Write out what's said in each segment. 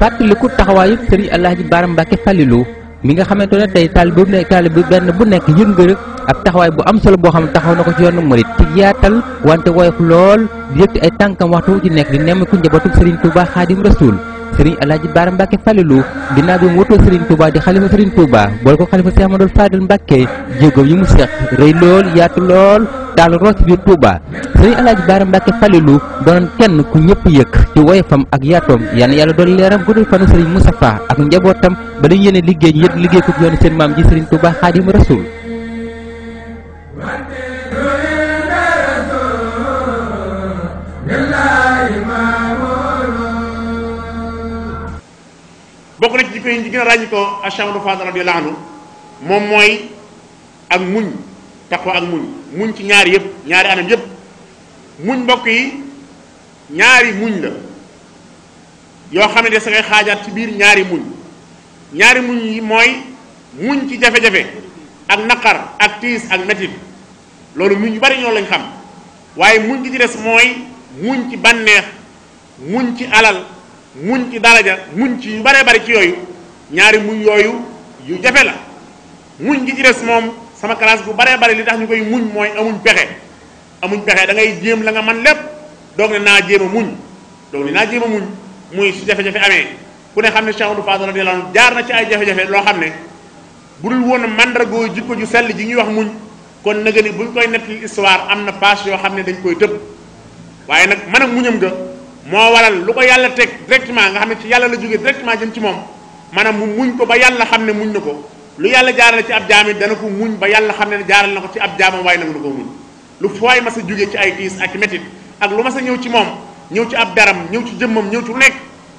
fàttaliku taxawaayu sëriñ Alaaji Baara Mbàkke Falilu mi nga xamante ne tey taalibe bu ne taalibe benn bu nekk yëngër ab taxawaay bu am solo boo xam ne taxaw na ko ci yoonu murit ci yaatal wante woyof lool di yëkkati ay tànkam waxtu ci nekk di nemmiku njabootu sëriñ Tuubaa Xaadim Rasuul sëriñ alaaji baara mbàkke falilu ginnaaw bi mu wutoo sëriñ touba di xalifa sëriñ touba boole ko xalifa seex amadul faadil mbàkke jéegoom yi mu seq rëy lool yaatu lool daal root ci biir touba sëriñ alaaji baara mbàkke falilu doonoon kenn ku ñëpp yëkk ci woyofam ak yaatoom yan na yàlla doon leeram guddul fanu sëriñ Moustapha ak njabootam ba dañu yéene liggéey ñu yët liggéey ko yoonu seen maam ji sëriñ touba xaadimu rasul jikko yi ñu gën a ràññi ko Cheikh Amadou moom mooy ak muñ taqwa ak muñ muñ ci ñaari yëpp ñaari anam yëpp muñ mbokk yi ñaari muñ la yoo xam ne de sa ngay xaajaat ci biir ñaari muñ ñaari muñ yi mooy muñ ci jafe-jafe ak naqar ak tiis ak metit loolu muñ yu bari ñoo lañ xam waaye muñ ci des mooy muñ ci bànneex muñ ci alal muñ ci daraja muñ ci yu baree bari ci yooyu ñaari muñ yooyu yu jafe la muñ gi ci moom sama classe bu baree bari li tax ñu koy muñ mooy amuñ pexe amuñ pexe da ngay jéem la nga man lépp doog ne naa jéem a muñ doog ne naa jéem a muñ muy jafe-jafe amee ku ne xam ne Cheikh Oudou Fadal radiyallahu anhu jaar na ci ay jafe-jafe loo xam ne bu dul woon mandragoo jikko ju sell ji ñuy wax muñ kon nag ni buñ koy nettali histoire am na page yoo xam ne dañ koy tëb waaye nag mën a muñam nga moo waral lu ko yàlla teg directement nga xam ne ci yàlla la jógee directement jëm ci moom maanaam mu muñ ko ba yàlla xam ne muñ na ko lu yàlla jaarale ci ab jaam it dana ko muñ ba yàlla xam ne jaaral na ko ci ab jaamam waaye nangu na ko muñ lu fooy mas a ci ay tiis ak métit ak lu masa ñëw ci moom ñëw ci ab daram ñëw ci jëmmam ñëw ci lu nekk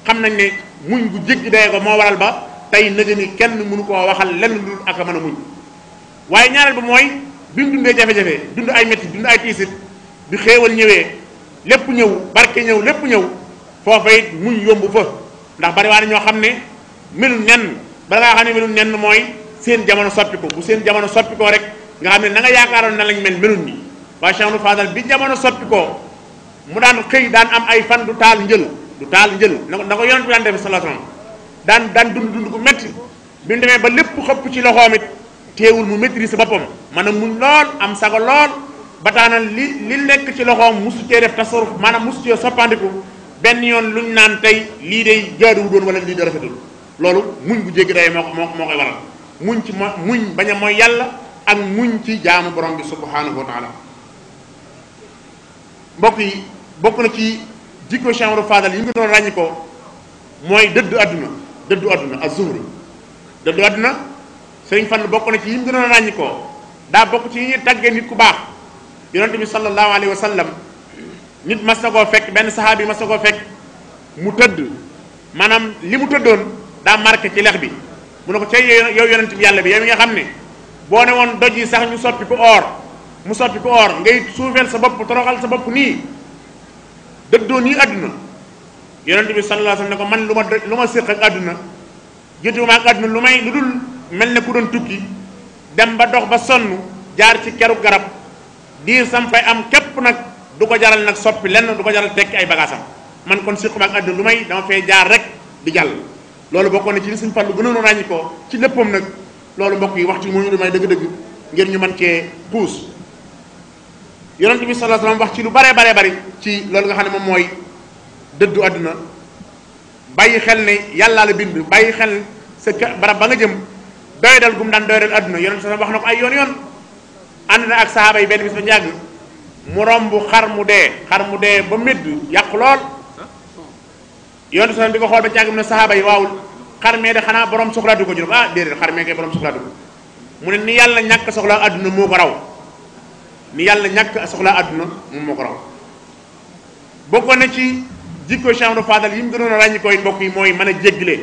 xam nañ ne muñ bu jéggi dayee ko moo waral ba tey nëgë ni kenn mënu koo waxal lenn lu ak a a muñ waaye ñaareel ba mooy bi mu dundee jafe-jafe dund ay métit dund ay tiisit bi xéewal ñëwee lépp ñëw barke ñëw lépp ñëw foofa it muñ yomb fa ndax bari ñoo xam ne melul nenn ba ngaa xam ne melul nenn mooy seen jamono soppi ko bu seen jamono soppi koo rek nga xam ne na nga yaakaaroon na lañ mel melul ni waaye Cheikh Amadou Fadal bi jamono soppi koo mu daan xëy daan am ay fan du taal njël du taal njël na ko na ko yonent bi daan daan daan dund dund ku métti bi mu ba lépp xëpp ci loxoom it teewul mu si boppam maanaam mun lool am sago lool ba taana li li nekk ci loxoom musu cee def tasaruf maanaam musu cee soppandiku benn yoon lu ñu naan tey lii day jaaduwu doon wala lii day rafetul loolu muñ bu jéggi day moo ko moo koy waral muñ ci ma muñ bañ a mooy yàlla ak muñ ci jaamu borom bi subhanahu wa taala yi bokk na ci jikko chambre fadal yi mu doon ràññi mooy dëddu àdduna dëddu àdduna az-zuhd dëddu àdduna sëriñ Fall bokk na ci yi mu doon ràññi daa bokk ci yi ñuy tàggee nit ku baax yonent bi sallallahu alayhi wa sallam nit mas na koo fekk benn saxaabi mas na koo fekk mu tëdd maanaam li mu tëddoon da marqué ci lex bi mu ne ko cay yow yonent bi yalla bi yow nga xam bo ne won doji sax ñu soppi ko or mu soppi ko or ngay souvel sa bop toroxal sa ni de do ni aduna yonent bi sallallahu alaihi wasallam ne ko man luma luma sekk ma séq ak àdduna jotuma ak àdduna lu may lu ku doon tukki dem ba dox ba sonu jaar ci keru garab di sam fay am kep nak du ko jaral nak soppi len du ko jaral tek ay bagasam man kon séquma ak àdduna lumay dama fay jaar rek di jall loolu bokkoon na ci li suñ fàllu gënoon ràññi ko ci léppam nag loolu mbokk yi waxtu mu ñu may dëgg-dëgg ngir ñu man cee puus yonent bi sallallahu alayhi wasallam wax ci lu bare baree bari ci loolu nga xam ne moom mooy dëddu àdduna bàyyi xel ne yàllaa la bind bàyyi xel sa barab ba nga jëm doy dal gum daan doy dal àdduna yonent bi wax na ko ay yoon yoon ànd na ak sahaaba yi benn bis ba njàgg mu romb xar mu dee xar mu dee ba médd yàqu lool yonte sallam di ko xool ba càggam ne sahaaba yi waawul xarmee de xanaa borom soxlaatu ko juróom ah déedéet xarmee kay borom soxlaatu ko mu ne ni yàlla ñàkk soxlaa adduna moo ko raw ni yàlla ñàkk soxlaa adduna moom moo ko raw bokkoon na ci jikko chambre fadal yi mu gënoon a ràññi koy mbokk yi mooy mën a jéggale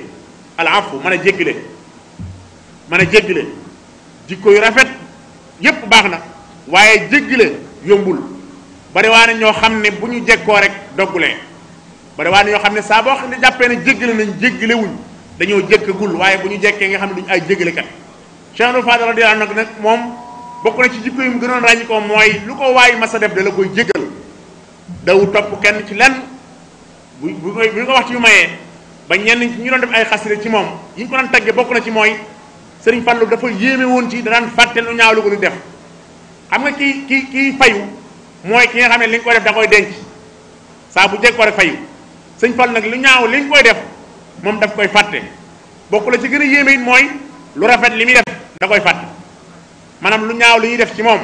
al afu mën a jéggale mën a jéggale jikko yu rafet yépp baax na waaye jéggale yombul bari waa na ñoo xam ne bu ñu jekkoo rek doggulee bari waa ne ñoo xam ne saa boo xam ne jàppee ne jéggale nañ jéggale wuñ dañoo jékkagul waaye bu ñu jekkee nga xam ne duñ ay jéggalekat Cheikh Ahmadou Fadal radiyallahu anhu nag moom bokk na ci jikko yi mu gënoon ràññi ko mooy lu ko waay masa def da la koy jéggal daw topp kenn ci lenn bu bu ñu ko yu mayee ba ñenn ñu doon def ay xasire ci moom yi ñu ko doon tagge bokk na ci mooy Sëriñ Fallu dafa yéeme woon ci danaan fàtte lu ñaaw lu ko du def xam nga kii kii kii fayu mooy ki nga xam ne li nga ko def da koy denc saa bu jeg ko rek fayu sëñ Fall nag lu ñaaw liñ koy def moom daf koy fàtte bokk la ci gën a yéeme it mooy lu rafet li muy def da koy fàtte maanaam lu ñaaw li ñuy def ci moom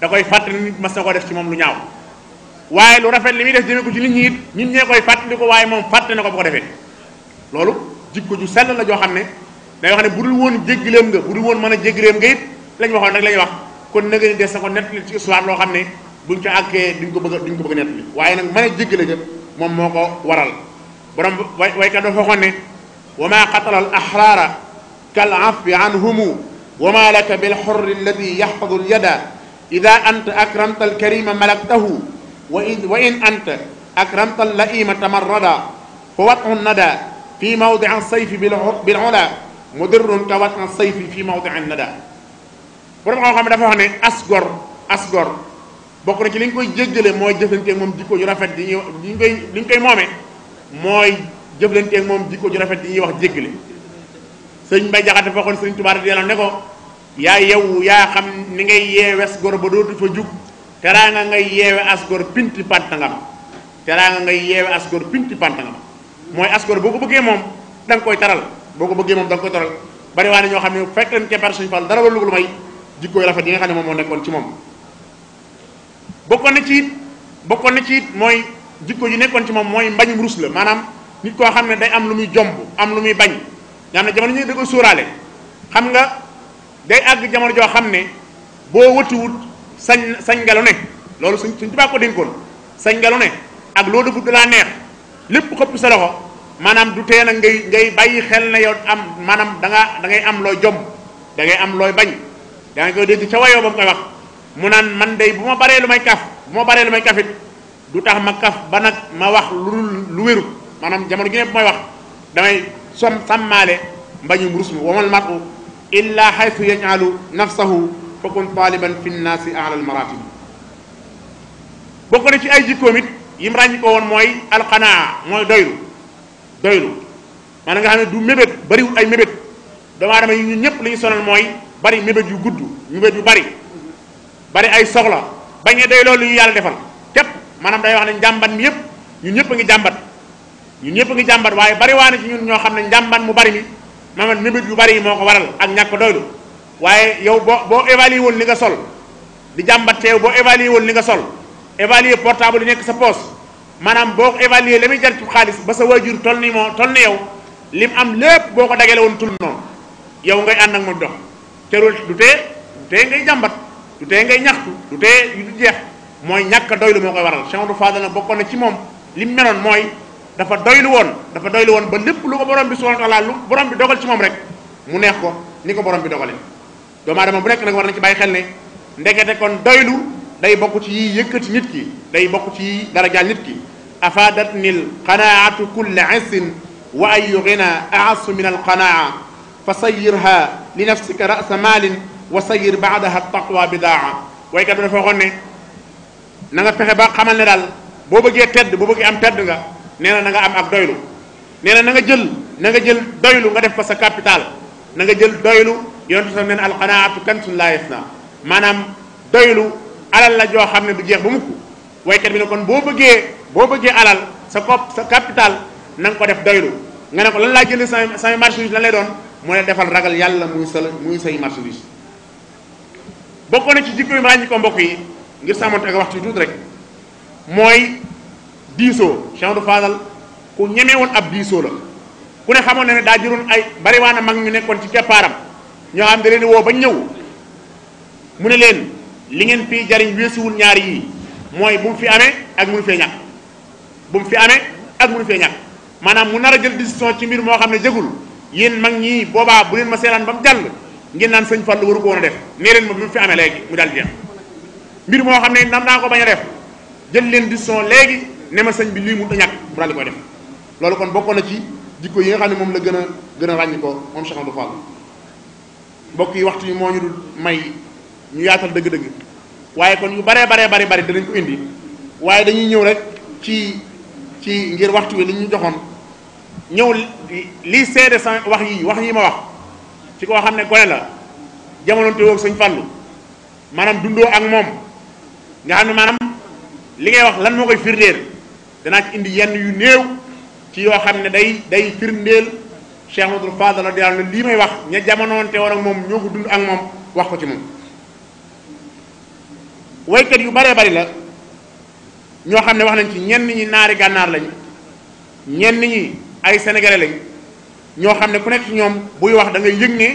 da koy fàtte nit mas na ko def ci moom lu ñaaw waaye lu rafet li muy def jëmee ko ci nit ñi it nit ñee koy fàtte di ko waaye moom fàtte na ko bu ko defee loolu jikko ju sell la joo xam ne day wax ne bu dul woon jéggaleem nga bu dul woon mën a jéggaleem nga it lañ waxoon rek lañ wax kon nag ni des na ko nettali ci histoire loo xam ne buñ ko àggee duñ bëgg duñ ko bëgg a waaye nag mën a jéggale nga mom moko waral borom waykat dafa waxoon ne wa qatala al ahrara kal afi anhum wama lak bil hurr alladhi yahfadhu al yada idha anta akramta al karima malaktahu wa id wa in anta akramta al laima tamarrada fa wat'u nada fi mawdi al sayf bil bil ula mudirrun ka wat'u al sayfi fi mawdi al nada borom xam-xam dafa wax asgor asgor bokk na ci li ñu koy jéggale mooy jëflanteeg moom jikko ju rafet yi ñuy li ñu koy li ñu koy moomee mooy jëflanteeg moom jikko ju rafet yi ñuy wax jéggale sëñ Mbay Jaxate fa waxoon sëñ Tuubaa di ne ko yaa yow yaa xam ni ngay yeewes gor ba dootu fa jug teraanga ngay yeewe asgor pinti pantangam teraanga ngay yeewe asgor pinti pantangam mooy asgor boo ko bëggee moom da nga koy taral boo ko bëggee moom da nga koy taral bari waa ñoo xam ne fekk leen keppaar suñu fal dara wala lu may jikkooy rafet yi nga xam ne moom nekkoon ci moom bokkoon na ci it bokkoon na ci it mooy jikko ji nekkoon ci moom mooy mbañum rus la maanaam nit koo xam ne day am lu muy jomb am lu muy bañ ñaan na jamono ñu da ko sóoraale xam nga day àgg jamono joo xam ne boo wëtiwut sañ sañ nga lu loolu suñ suñ tubaab ko sañ nga ne ak loo defut da neex lépp xëpp sa loxo maanaam du tee nag ngay ngay bàyyi xel na yow am maanaam da nga am looy jomb dangay am looy bañ da nga koy dégg ca wayoo ba mu koy wax mu naan man day bu ma baree lu may kaf bu ma baree lu may kafit du tax ma kaf ba nag ma wax lu lu wérut maanaam jamono ji ne bu may wax damay som sàmmaale mbañum rus mi wamal matu illa xaytu yajalu nafsahu fakun taliban fi nnaasi alal maratib bokk na ci ay jikkoom it yim ràññi ko woon mooy alqanaa mooy doylu doylu maanaam nga xam ne du mébét bariwul ay mébét doomu aadama yi ñun ñëpp li sonal mooy bari mébét yu gudd mébét yu bari bari ay soxla bañe day lolou yu yalla defal kep manam day wax ni jambat, mi yep ñun ñep ngi jambat ñun ñep ngi jambat waye bari waani ci ñun ño xamne ne mu bari mi manam nimit yu bari moko waral ak ñak doylu waye yow bo li nga sol di jambat teew bo évaluer won li nga sol évaluer portable yi nekk sa poste manam bo évaluer la muy jar ci xaliss ba sa wajur tol ni moo tol ni yow lim am lepp boko kada dagale won tul non yow ngay and ak mo dox terul du te te ngay jambat du tee ngay ñaxtu du tee du jeex mooy ñàkk a doylu moo koy waral Cheikh Amadou Fadal nag bokkoon na ci moom li mu meloon mooy dafa doylu woon dafa doylu woon ba lépp lu ko borom bi subhanahu wa taala lu borom bi dogal ci moom rek mu neex ko ni ko borom bi dogalee doomu aadama bu nekk nag war na ci bàyyi xel ne ndekete kon doylu day bokk ci yiy yëkkati nit ki day bokk ci yiy dara jaal nit ki afadat nil qanaatu kulle isin wa ayu gina aasu min alqanaa fa sayirha li nafsika rasa maalin wa sayir baadaha taqwa bidaa waykat bi dafa waxoon ne na nga fexe ba xamal ne daal boo bëggee tedd boo bëggee am tedd nga nee na na nga am ak doylu nee na na nga jël na nga jël doylu nga def ko sa capital nanga nga jël doylu yonent sax neen alqanaatu kansun laa yafna maanaam doylu alal la joo xam ne du jeex ba mukk waykat bi ne kon boo bëggee boo bëggee alal sa kopp sa capital na nga ko def doylu nga ne ko lan laa jënd samay samay marchandise lan lay doon mu ne defal ragal yàlla muy sa muy say marchandise bokkoon na ci jikko yi ràññi ko mbokk yi ngir sàmmante ak waxtu tuuti rek mooy diisoo Cheikh Amadou Fadal ku ñeme woon ab diisoo la ku ne xamoon na ne daa jëloon ay bariwaan a mag ñu nekkoon ci keppaaram ñoo xam da leen woo ba ñëw mu ne leen li ngeen fii jariñ weesuwul ñaar yii mooy bu mu fi amee ak munu fee ñàkk bu mu fi amee ak munu fee ñàkk maanaam mu nar a jël décision ci mbir moo xam ne jëgul yéen mag ñii boobaa bu leen ma seelaan ba mu jàll ngeen naan sëñ Fallu waru ko woon a def nee leen ma bi mu fi amee léegi mu daal di mbir moo xam ne nam naa ko bañ a def jël leen di soo léegi ne ma sëñ bi lii mu da ñàkk mu daal di def loolu kon bokkoon na ci jikko yi xam ne moom la gën a gën a ràññi ko moom Cheikh Amadou yi waxtu yi moo ñu dul may ñu yaatal dëgg-dëgg waaye kon yu baree baree bari bari danañ ko indi waaye dañuy ñëw rek ci ci ngir waxtu wi li ñu joxoon ñëw lii seede sa wax yi wax yi ma wax ci koo xam ne gone la jamono te woog sëñ Fallu maanaam dundoo ak moom nga xam ne maanaam li ngay wax lan moo koy firndeel danaa ci indi yenn yu néew ci yoo xam ne day day firndeel Cheikh Amadou Fadal la daal lii may wax ña jamonoonte woon ak moom ñoo ko dund ak moom wax ko ci moom waykat yu baree bari la ñoo xam ne wax nañ ci ñenn ñi naari gànnaar lañ ñenn ñi ay sénégalais lañ ñoo xam ne ku nekk ci ñoom buy wax da ngay yëg ne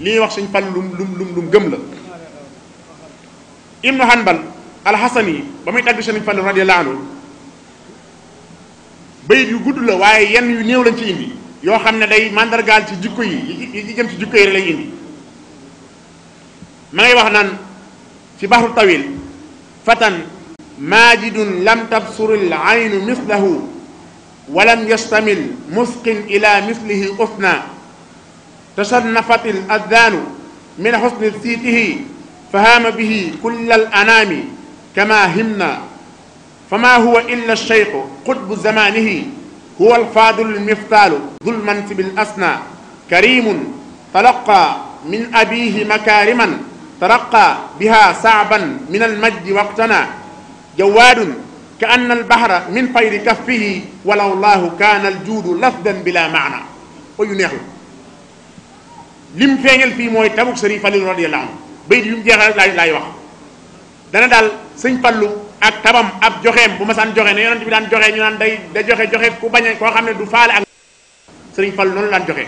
li ñuy wax suñ fal lu lum lum lum gëm la ibnu hanbal alxasan yi ba muy tàgg sëriñ fal radiyallahu anhu bayit yu gudd la waaye yenn yu néew lañ ci indi yoo xam ne day màndargaal ci jikko yi yi jëm ci jikko yi lay indi ma ngay wax naan ci baxru tawil fatan majidun lam tabsuril aynu mislahu ولم يشتمل مثق إلى مثله أثنى تشنفت الأذان من حسن صيته فهام به كل الأنام كما همنا فما هو إلا الشيخ قطب زمانه هو الفاضل المفتال ذو المنتب الأسنى كريم تلقى من أبيه مكارما ترقى بها صعبا من المجد وقتنا جواد كأن البحر من طير كفه ولو الله كان الجود لفظا بلا معنى oyu neex la lim feeñal fii mooy tabuk sëriñ Falil radiyallahu anhu bayit yu mu jeexal laay laay wax dana daal sëñ Fallu ak tabam ab joxeem bu ma saan joxe ne yonent bi daan joxe ñu naan day da joxe joxe ku bañ a koo xam ne du faale ak sëriñ Fallu noonu daan joxe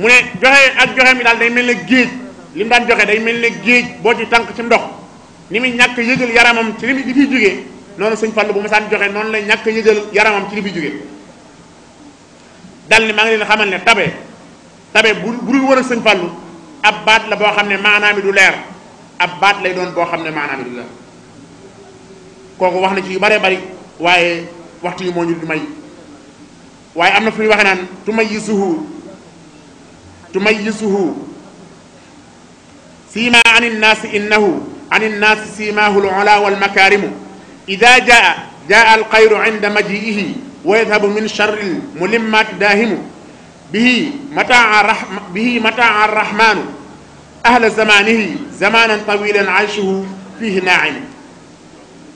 mu ne joxe ak joxeem bi daal day mel ne géej lim daan joxe day mel ne géej boo ci tànk ci ndox ni muy ñàkk yëgal yaramam ci li muy li fiy jógee noonu sëñ Fallu bu masaan joxe noonu lay ñàkk yëgal yaramam ci li fiy jógee dal ni maa ngi leen xamal ne tabe tabe bu bu dul woon ak sëñ Fallu ab baat la boo xam ne maanaam du leer ab baat lay doon boo xam ne maanaam du leer kooku wax na ci yu bare bari waaye waxtu yu moo ñu du may waaye am na fu ñuy waxe naan tumayyisuhu tumayyisuhu siima anin naasi innahu عن الناس سيماه العلا والمكارم إذا جاء جاء القير عند مجيئه ويذهب من شر الملمات داهم به متاع به متاع الرحمن أهل زمانه زمانا طويلا عيشه فيه ناعم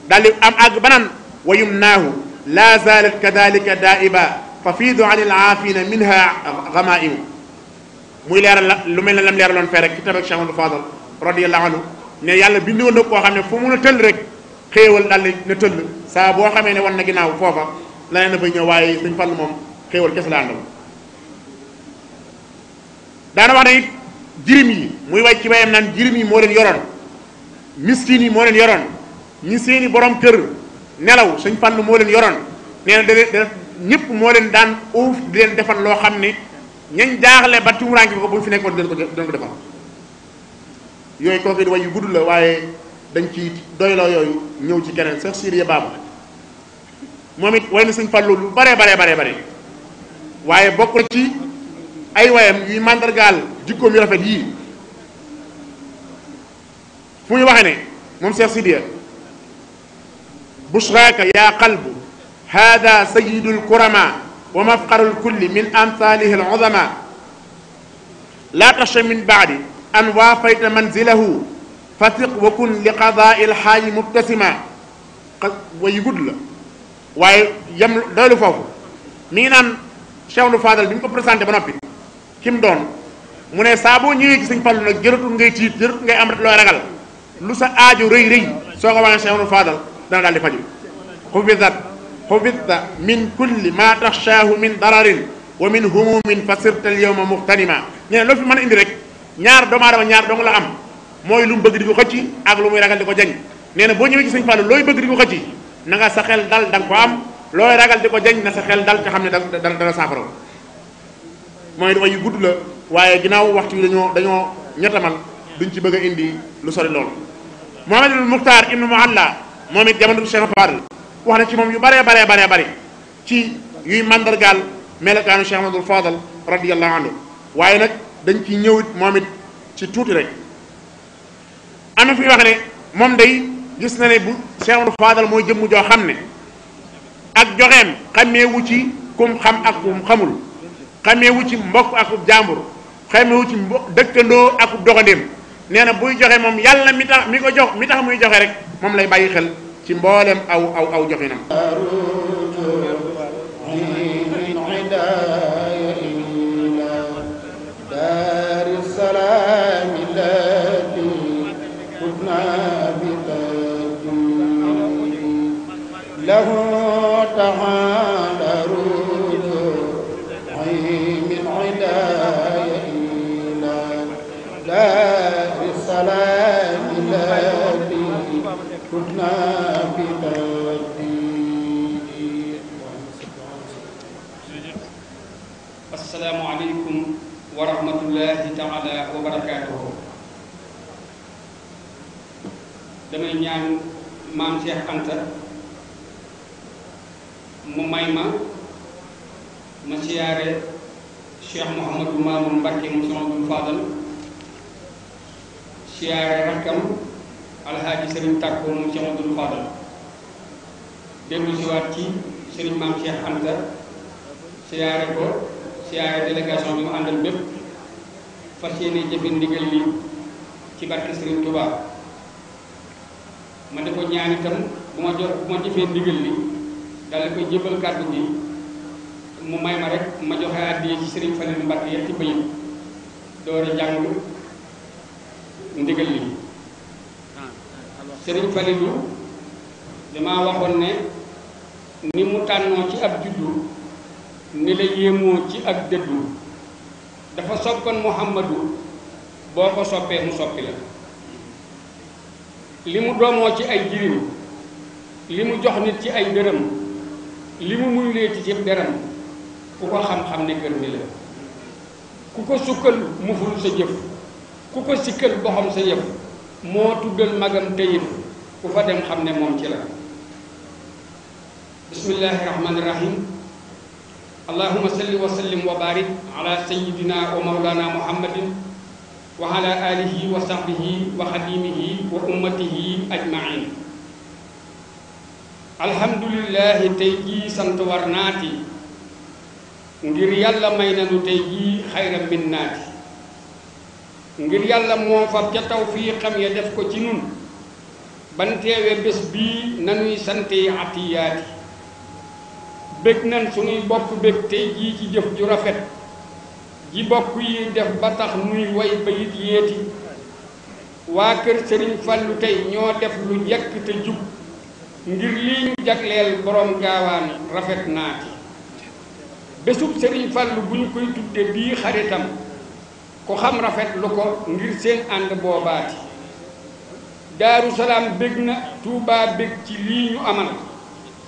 دل أم أقبنا ويمناه لا زالت كذلك دائبا تفيض عن العافين منها غمائم muy leeral la lu mel ne lam leeraloon fee rek ki tabak Cheikh Amadou Fadal radiyallahu anhu mais yàlla bind woon na koo xam ne foo mun a tëll rek xéewal dal na tëll saa boo xamee ne wan na ginnaaw foofa laneen na fay ñëw waaye suñ fàll moom xéewal kese la àndal daana wax ne it jirim yi muy way ci bayam naan jirim yi moo leen yoroon miskin yi moo leen yoroon ñi seeni borom kër nelaw suñ fàll moo leen yoroon nee na dana ñëpp moo leen daan uuf di leen defal loo xam ne ñañ jaaxle ba tumuraanke ko bu ñu fi nekkoon dinañ ko dinañ ko defal yooyu kooku it way yu gudd la waaye dañ ci doyloo yooyu ñëw ci keneen sax Siriya Baabu moom it way na sëñ Fallu lu bare bare bare bare waaye bokk na ci ay wayam yuy màndargaal jikkoom yu rafet yii fu muy waxe ne moom Cheikh Sidiya bushraaka yaa qalbu hada sayidu lkurama wa mafqaru lkulli min amsaalihi aluzama laa taxsha min baadi أن وافيت منزله فثق وكن لقضاء الحاج مبتسما ويقول له waaye yam doylu foofu mi ngi naan Cheikh Oudou Fadal bi ñu ko présenté ba noppi ki mu doon mu ne saa boo ñëwee ci sëñ Fallu nag jëratul ngay tiit jëratul ngay am looy ragal lu sa aajo rëy rëy soo ko waxee Cheikh Oudou Fadal dana daal di faju xufidat xufidta min kulli ma taxshaahu min dararin wa min humumin fa sirta al yowma muxtanima nee loo fi mën a indi rek ñaar doomu ñaar dong la am mooy lu mu bëgg di ko xëcc ak lu muy ragal di ko jañ nee na boo ñëwee ci sëñ Fallou looy bëgg di ko xëcc na sa xel dal da nga ko am looy ragal di ko jañ na sa xel dal te xam ne dana dana saafara mooy dama yu gudd la waaye ginnaaw waxtu bi dañoo dañoo ñettamal duñ ci bëgg indi lu lool sori loolu. Mouhamadul Mukhtar Ibn Muhalla moom it jamono bi Cheikh Fallou wax na ci moom yu baree baree baree bare ci yuy mandargaal melokaanu Cheikh Amadou Fadal radiyallahu anhu waaye nag. dañ ci ñëwit moom it ci tuuti rek am na fi wax ne moom day gis na ne bu Cheikh Amadou Fadal mooy jëmm joo xam ne ak joxeem xameewu ci kum xam ak kum xamul xameewu ci mbokk ak ub jàmbur xameewu ci mbokk dëkkandoo ak ub doxandéem nee na buy joxe moom yàlla mi tax mi ko jox mi tax muy joxe rek moom lay bàyyi xel ci mboolem aw aw aw joxinam ميلادي خذنا بلادي dellu ci wat ci serigne mam Cheikh hamza siyaare ko siyaare délégation bi mu andal bépp fasiyene yéene jëfe ndigal li ci barke serigne Touba man di ko ñaan itam bu ma jox bu ma jëfee ndigal li dal ko jëbal kaddu gi mu may ma rek ma joxe addi ci serigne fallu Mbacké yetti bëyit door a jàng ndigal li serigne fallu dama waxoon ne ni mu tànnoo ci ab juddu ni la yéemoo ci ak dëddu dafa soppan muhammadu boo ko soppee mu soppi la li mu doomoo ci ay jirim li mu jox nit ci ay dërëm li mu muy leeti ci deram ku ko xam-xam ne kër ni la ku ko sukkal muful sa jëf ku ko sikkal boxam sa yëf moo tuddal magam teyit ku fa dem xam ne moom ci la بسم الله الرحمن الرحيم اللهم صل وسلم وبارك على سيدنا ومولانا محمد وعلى اله وصحبه وخديمه وامته اجمعين الحمد لله تيجي سنت ورناتي ngir yalla mayna nu tayyi khayran min nati ngir yalla mo fa ca tawfiqam ya def ko ci nun ban tewé bes bi nanuy santé atiyati bég nan suñuy bopp bég tey jii ci jëf ju rafet ji bokk yi def ba tax muy way ba yit yéeti waa kër sëriñ fallu tey ñoo def lu jekk te jub ngir lii ñu jagleel borom gaawaan rafet naati besub sëriñ fallu bu ñu koy tudde bii xaritam ko xam rafet lu ko ngir seen ànd boobaati daaru salaam bég na tuubaa bég ci lii ñu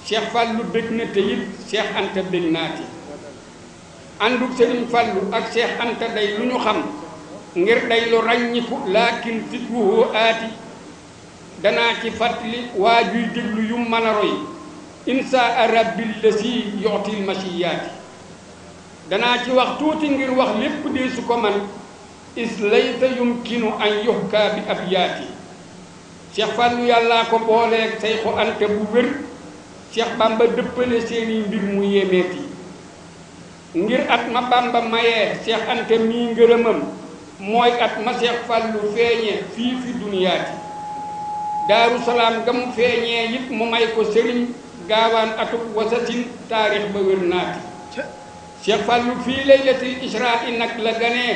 Cheikh Fallou bég na te it Cheikh Anta bég naati ànduk Serigne Fallou ak Cheikh Anta day lu ñu xam ngir day lu ràññiku laakin fikruhu aati danaa ci fàttali waa juy déglu yu mën a roy insaa rabbil lasi yoxtil masiyaati danaa ci wax tuuti ngir wax lépp dee su ko man islayta yumkinu an yuhka bi ab yaati Cheikh Fallou yàllaa ko booleeg Seyxu Anta bu wér cheikh bamba dëppale seeni mbir mu yemeti ngir at ma bamba maye cheikh ante mi ngeureumam moy at ma cheikh fallu feñe fi fi duniyaati daru salam gam feñe yit mu may ko serigne gawan atuk wasatin tarikh ba wér cheikh fallu fi laylatil israa nag la gané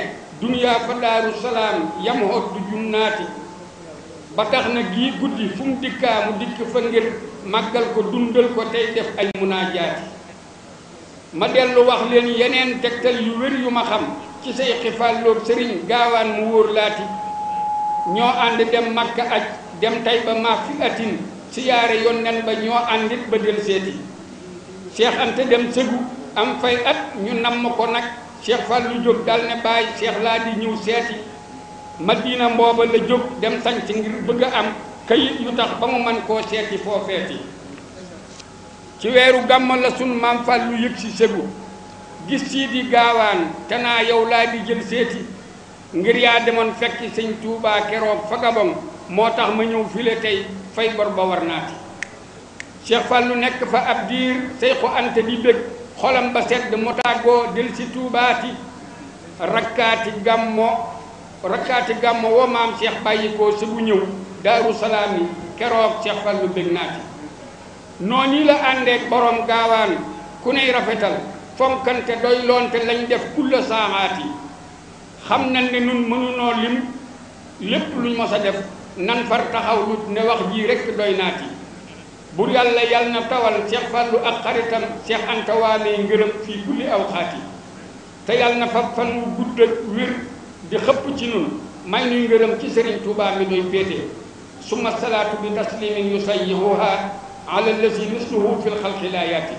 dunya fa daru salam yam ba tax na gii guddi fu mu dikkaa mu dikk fa ngir màggal ko dundal ko tey def ay munaajaati ma dellu wax leen yeneen tegtal yu wér yu ma xam ci say xifaalloog sëriñ gaawaan mu wóor laati ñoo ànd dem makka aj dem tay ba maa fi atin siyaare yonnen ba ñoo àndit ba del seeti Cheikh dem sëgu am fay at ñu namm ko nag Cheikh Fallou Diop dal ne bàyyi Cheikh laa di ñëw seeti madina mbooba la jóg dem sanc ngir bëgg a am kayit yu tax ba mu man koo seeti foo feeti ci weeru gàmma la sun maam lu yëg si segu gis sii di gaawaan te naa yow laa di jël seeti ngir yaa demoon fekki sëñ Tuubaa keroog fa Gabon moo tax ma ñëw file tey fay bor ba war naati Cheikh Fallou nekk fa ab diir Seyxu ante di bég xolam ba sedd mu tàggoo del si tuubaati rakkaati gàmmo rakkaati gàmmo woo maam Cheikh bàyyi ko si bu ñëw daaru salaam yi keroog Cheikh Fallu bég naati noonu la àndeek borom gaawaan ku ney rafetal fonkante doy loonte lañ def kulla saamaat yi xam nañ ne nun mënunoo lim lépp luñ mos a def nan far taxaw lu ne wax jii rekk doy naati bur yàlla yàlla na tawal Cheikh Fallu ak xaritam seex Anta waamee ngërëm fii kulli aw xaati te yàlla na fa fan wu gudd wér di xëpp ci nun may nuy ngërëm ci sëriñ Tuubaa mi doy féete summa salaatu bi taslimin yusayihuha ala allazi misluhu fi lxalqi la yaati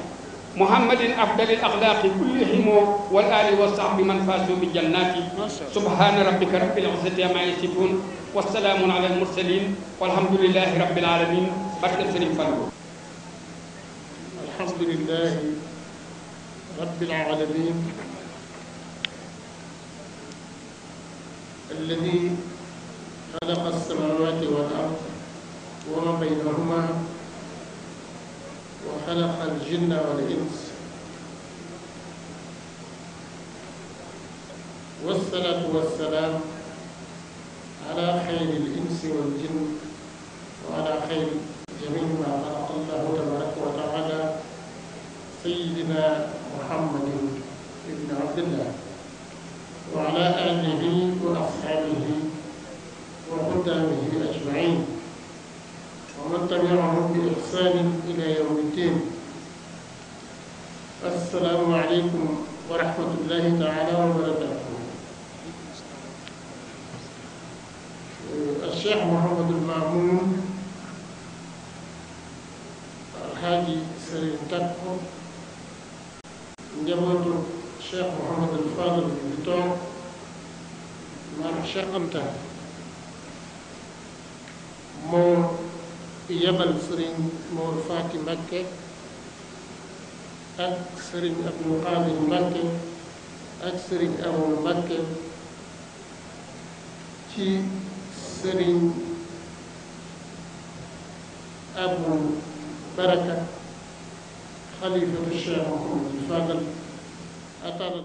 muhammadin afdalil axlaaqi kullihimo wal ali wa sahbi man faasu bi jannaati subhana rabbika rabbil izzati amma yasifun wasalaamun ala almursalin walhamdulilahi rabbil alamin barke sëriñ Fallu alhamdulilahi rabbil alamin الذي خلق السماوات والأرض وما بينهما وخلق الجن والإنس والصلاة والسلام على خير الإنس والجن وعلى خير جميع ما خلق الله تبارك وتعالى سيدنا محمد بن عبد الله وعلى آله بإحسان إلى يوم الدين السلام عليكم ورحمة الله تعالى وبركاته الشيخ محمد المأمون الحاجي سليم تكفو njabootu الشيخ محمد الفاضل bi toog maanaam أمتا مو يبل سرين مور فاتي مكة أك سرين أبو قابل مكة أك أبو مكة كي سرين أبو بركة خليفة الشام فاضل أطار